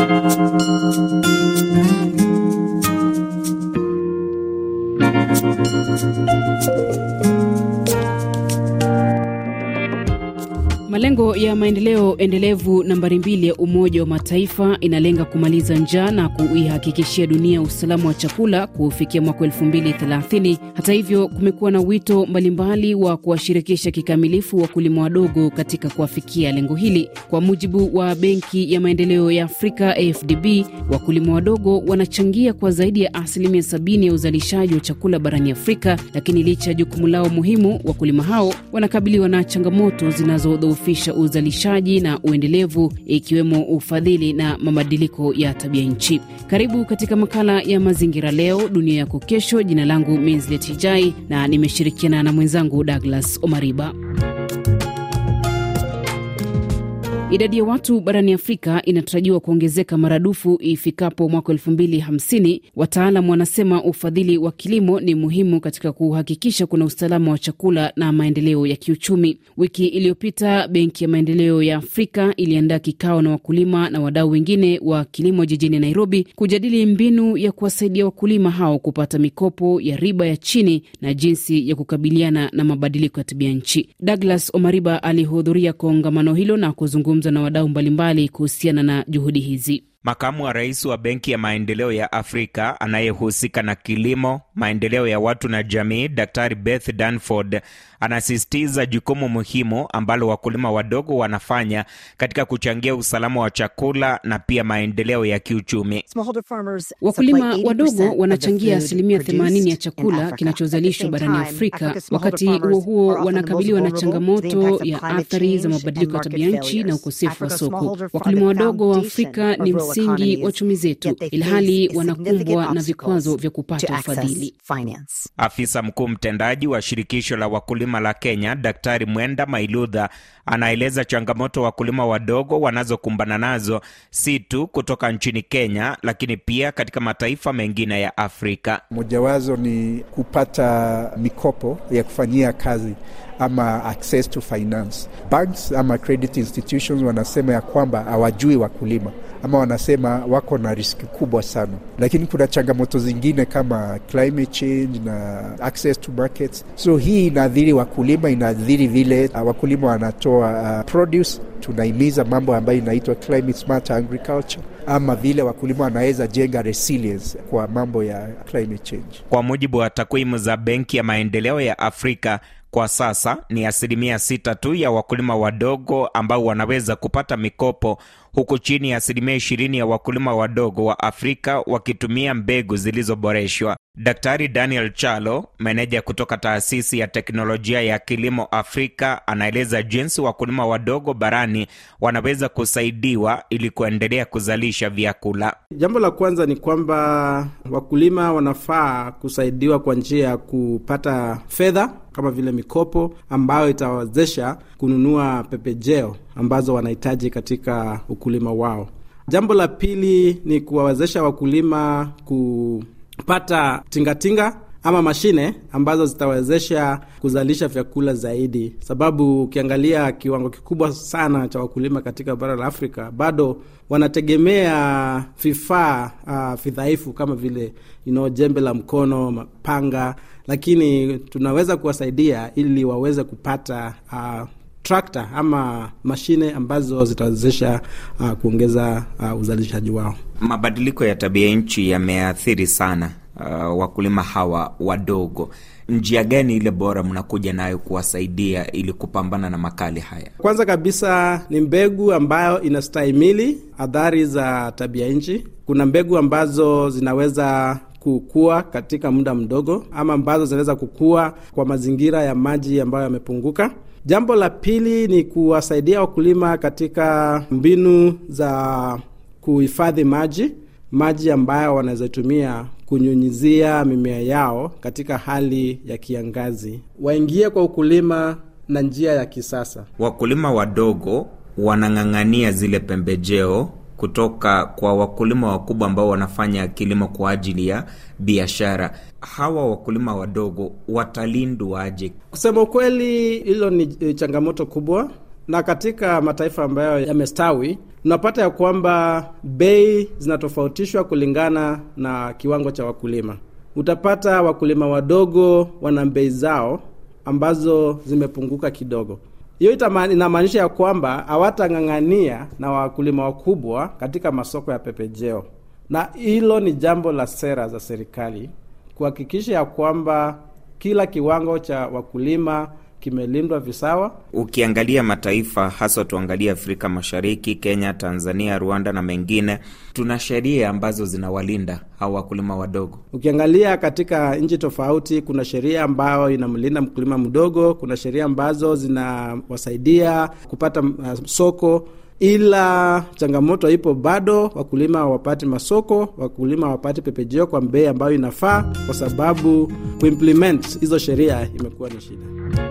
Thank you. Malengo ya maendeleo endelevu nambari mbili ya Umoja wa Mataifa inalenga kumaliza njaa na kuihakikishia dunia usalama wa chakula kufikia mwaka 2030. Hata hivyo, kumekuwa na wito mbalimbali wa kuwashirikisha kikamilifu wakulima wadogo katika kuafikia lengo hili. Kwa mujibu wa Benki ya Maendeleo ya Afrika AFDB, wakulima wadogo wanachangia kwa zaidi ya asilimia sabini ya uzalishaji wa chakula barani Afrika, lakini licha ya jukumu lao muhimu, wakulima hao wanakabiliwa na changamoto zinazo kudhoofisha uzalishaji na uendelevu, ikiwemo ufadhili na mabadiliko ya tabia nchi. Karibu katika makala ya mazingira leo dunia yako kesho. Jina langu Minzletijai na nimeshirikiana na mwenzangu Douglas Omariba. Idadi ya watu barani Afrika inatarajiwa kuongezeka maradufu ifikapo mwaka 2050. Wataalam wanasema ufadhili wa kilimo ni muhimu katika kuhakikisha kuna usalama wa chakula na maendeleo ya kiuchumi. Wiki iliyopita, Benki ya Maendeleo ya Afrika iliandaa kikao na wakulima na wadau wengine wa kilimo jijini Nairobi kujadili mbinu ya kuwasaidia wakulima hao kupata mikopo ya riba ya chini na jinsi ya kukabiliana na mabadiliko ya tabia nchi. Douglas Omariba alihudhuria kongamano hilo na kuzungumza amezungumza na wadau mbalimbali kuhusiana na juhudi hizi. Makamu wa rais wa Benki ya Maendeleo ya Afrika anayehusika na kilimo, maendeleo ya watu na jamii, Daktari Beth Danford anasisitiza jukumu muhimu ambalo wakulima wadogo wanafanya katika kuchangia usalama wa chakula na pia maendeleo ya kiuchumi. Wakulima wadogo wanachangia asilimia 80 ya chakula kinachozalishwa barani Afrika. Wakati huo huo, wanakabiliwa na changamoto ya athari za mabadiliko ya tabia nchi na ukosefu wa soko. Wakulima wadogo wa Afrika ni msingi wa chumi zetu, ilhali wanakumbwa na vikwazo vya kupata ufadhili. Afisa mkuu mtendaji wa shirikisho la wakulima la Kenya, Daktari Mwenda Mailudha, anaeleza changamoto wakulima wadogo wanazokumbana nazo si tu kutoka nchini Kenya, lakini pia katika mataifa mengine ya Afrika. Mojawazo ni kupata mikopo ya kufanyia kazi ama access to finance. Banks ama credit institutions wanasema ya kwamba hawajui wakulima ama wanasema wako na riski kubwa sana, lakini kuna changamoto zingine kama climate change na access to markets. So hii inaathiri wakulima, inaathiri vile uh, wakulima wanatoa uh, produce. Tunahimiza mambo ambayo inaitwa climate smart agriculture ama vile wakulima wanaweza jenga resilience kwa mambo ya climate change. Kwa mujibu wa takwimu za Benki ya Maendeleo ya Afrika kwa sasa ni asilimia sita tu ya wakulima wadogo ambao wanaweza kupata mikopo, huku chini ya asilimia ishirini ya wakulima wadogo wa Afrika wakitumia mbegu zilizoboreshwa. Daktari Daniel Chalo, meneja kutoka taasisi ya teknolojia ya kilimo Afrika, anaeleza jinsi wakulima wadogo barani wanaweza kusaidiwa ili kuendelea kuzalisha vyakula. Jambo la kwanza ni kwamba wakulima wanafaa kusaidiwa kwa njia ya kupata fedha kama vile mikopo ambayo itawawezesha kununua pepejeo ambazo wanahitaji katika ukulima wao. Jambo la pili ni kuwawezesha wakulima kupata tingatinga ama mashine ambazo zitawezesha kuzalisha vyakula zaidi, sababu ukiangalia kiwango kikubwa sana cha wakulima katika bara la Afrika bado wanategemea vifaa uh, vidhaifu kama vile you know, jembe la mkono, mapanga, lakini tunaweza kuwasaidia ili waweze kupata uh, trakta ama mashine ambazo zitawezesha uh, kuongeza uh, uzalishaji wao. Mabadiliko ya tabia nchi yameathiri sana uh, wakulima hawa wadogo. Njia gani ile bora mnakuja nayo kuwasaidia ili kupambana na makali haya? Kwanza kabisa ni mbegu ambayo inastahimili adhari za tabia nchi. Kuna mbegu ambazo zinaweza kukua katika muda mdogo ama ambazo zinaweza kukua kwa mazingira ya maji ambayo yamepunguka. Jambo la pili ni kuwasaidia wakulima katika mbinu za kuhifadhi maji, maji ambayo wanawezotumia kunyunyizia mimea yao katika hali ya kiangazi. Waingie kwa ukulima na njia ya kisasa. Wakulima wadogo wanang'ang'ania zile pembejeo kutoka kwa wakulima wakubwa ambao wanafanya kilimo kwa ajili ya biashara. Hawa wakulima wadogo watalindwaje? Kusema ukweli, hilo ni e, changamoto kubwa, na katika mataifa ambayo yamestawi unapata ya kwamba bei zinatofautishwa kulingana na kiwango cha wakulima. Utapata wakulima wadogo wana bei zao ambazo zimepunguka kidogo hiyo inamaanisha ya kwamba hawatang'ang'ania na wakulima wakubwa katika masoko ya pepejeo na hilo ni jambo la sera za serikali kuhakikisha ya kwamba kila kiwango cha wakulima kimelindwa visawa. Ukiangalia mataifa hasa, tuangalie Afrika Mashariki, Kenya, Tanzania, Rwanda na mengine, tuna sheria ambazo zinawalinda au wakulima wadogo. Ukiangalia katika nchi tofauti, kuna sheria ambayo inamlinda mkulima mdogo, kuna sheria ambazo zinawasaidia kupata uh, soko ila changamoto ipo bado, wakulima wapate masoko, wakulima wapate pepejeo kwa bei ambayo inafaa, kwa sababu kuimplement hizo sheria imekuwa ni shida.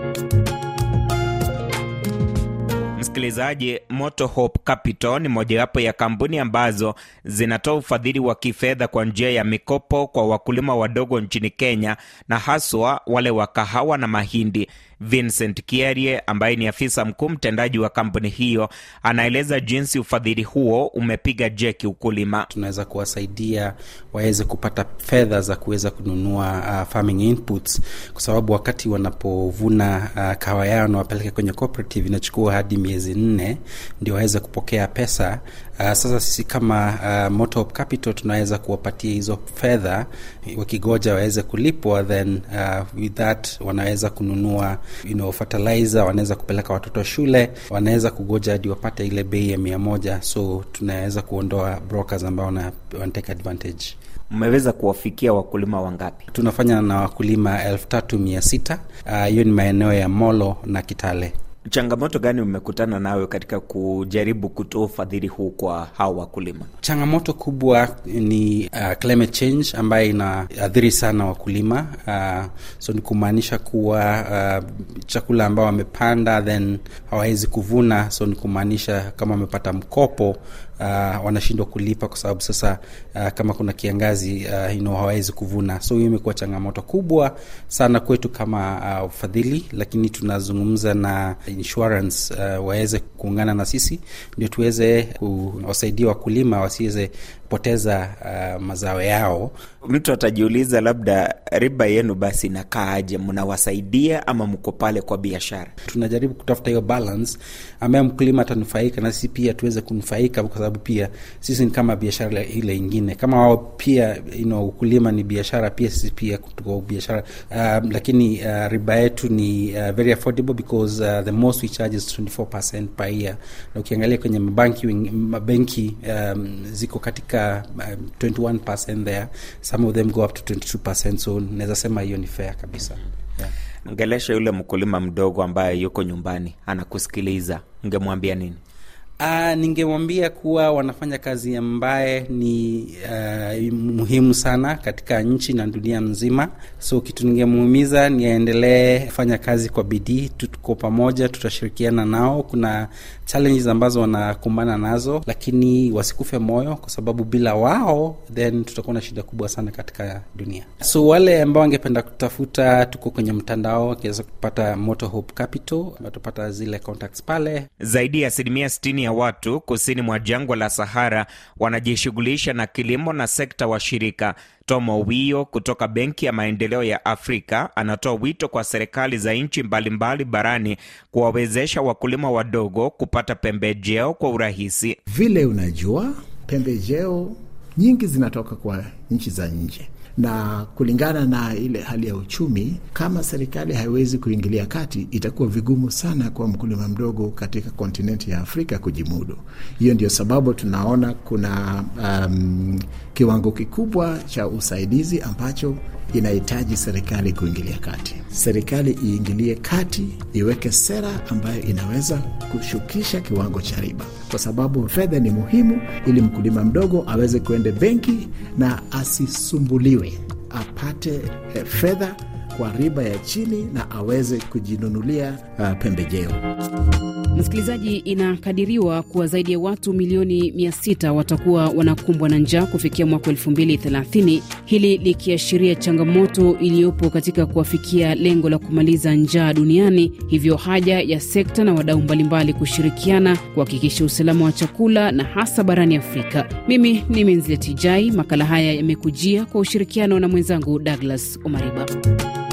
Msikilizaji, Moto Hope Capital ni mojawapo ya kampuni ambazo zinatoa ufadhili wa kifedha kwa njia ya mikopo kwa wakulima wadogo nchini Kenya na haswa wale wa kahawa na mahindi. Vincent Kierie ambaye ni afisa mkuu mtendaji wa kampuni hiyo, anaeleza jinsi ufadhili huo umepiga jeki ukulima. Tunaweza kuwasaidia waweze kupata fedha za kuweza kununua uh, farming inputs, kwa sababu wakati wanapovuna uh, kahawa yao na wapeleke kwenye cooperative inachukua hadi miezi nne ndio waweze kupokea pesa. Uh, sasa sisi kama uh, Moto Capital tunaweza kuwapatia hizo fedha, wakigoja waweze kulipwa, then uh, with that wanaweza kununua you know, fertilizer, wanaweza kupeleka watoto shule, wanaweza kugoja hadi wapate ile bei ya mia moja. So tunaweza kuondoa brokers ambao wanateka advantage. Mmeweza kuwafikia wakulima wangapi? Tunafanya na wakulima elfu tatu mia sita. Ah, hiyo uh, ni maeneo ya Molo na Kitale. Changamoto gani umekutana nayo katika kujaribu kutoa ufadhili huu kwa hawa wakulima? Changamoto kubwa ni uh, climate change ambayo inaathiri sana wakulima uh, so ni kumaanisha kuwa uh, chakula ambao wamepanda then hawawezi kuvuna, so ni kumaanisha kama wamepata mkopo uh, wanashindwa kulipa kwa sababu sasa uh, kama kuna kiangazi uh, ino hawawezi kuvuna. So hiyo imekuwa changamoto kubwa sana kwetu kama uh, uh, lakini tunazungumza na insurance uh, waweze kuungana na sisi ndio tuweze kuwasaidia wakulima wasiweze kupoteza uh, mazao yao. Mtu atajiuliza labda riba yenu basi inakaaje? Mnawasaidia ama mko pale kwa biashara? Tunajaribu kutafuta hiyo balance ambayo mkulima atanufaika na sisi pia tuweze kunufaika, kwa sababu pia sisi ni kama biashara ile ingine kama wao pia you know, ukulima ni biashara pia, sisi pia tuko biashara uh, lakini uh, riba yetu ni uh, very affordable because uh, the most we charge is 24% per year, na ukiangalia kwenye mabanki, mabenki um, ziko katika uh, um, 21% there, some of them go up to 22%, so naweza sema hiyo ni fair kabisa yeah. yule mkulima mdogo ambaye yuko nyumbani anakusikiliza, ngemwambia nini? Uh, ningemwambia kuwa wanafanya kazi ambaye ni uh, muhimu sana katika nchi na dunia mzima. So kitu ningemuhimiza ni aendelee kufanya kazi kwa bidii, tuko pamoja, tutashirikiana nao. Kuna challenges ambazo wanakumbana nazo, lakini wasikufe moyo, kwa sababu bila wao then tutakuwa na shida kubwa sana katika dunia. So wale ambao wangependa kutafuta, tuko kwenye mtandao, wakiweza kupata Moto Hope Capital watapata zile contacts pale. Zaidi ya asilimia ya ya watu kusini mwa jangwa la Sahara wanajishughulisha na kilimo na sekta washirika. Tom Wio kutoka Benki ya Maendeleo ya Afrika anatoa wito kwa serikali za nchi mbalimbali barani kuwawezesha wakulima wadogo kupata pembejeo kwa urahisi. Vile unajua pembejeo nyingi zinatoka kwa nchi za nje na kulingana na ile hali ya uchumi, kama serikali haiwezi kuingilia kati, itakuwa vigumu sana kwa mkulima mdogo katika kontinenti ya Afrika kujimudu. Hiyo ndio sababu tunaona kuna um, kiwango kikubwa cha usaidizi ambacho inahitaji serikali kuingilia kati. Serikali iingilie kati, iweke sera ambayo inaweza kushukisha kiwango cha riba, kwa sababu fedha ni muhimu ili mkulima mdogo aweze kuende benki na asisumbuliwe, apate eh, fedha kwa riba ya chini na aweze kujinunulia ah, pembejeo. Msikilizaji, inakadiriwa kuwa zaidi ya watu milioni 600 watakuwa wanakumbwa na njaa kufikia mwaka 2030, hili likiashiria changamoto iliyopo katika kuwafikia lengo la kumaliza njaa duniani, hivyo haja ya sekta na wadau mbalimbali kushirikiana kuhakikisha usalama wa chakula na hasa barani Afrika. Mimi ni Minzia Tijai, makala haya yamekujia kwa ushirikiano na mwenzangu Douglas Omariba.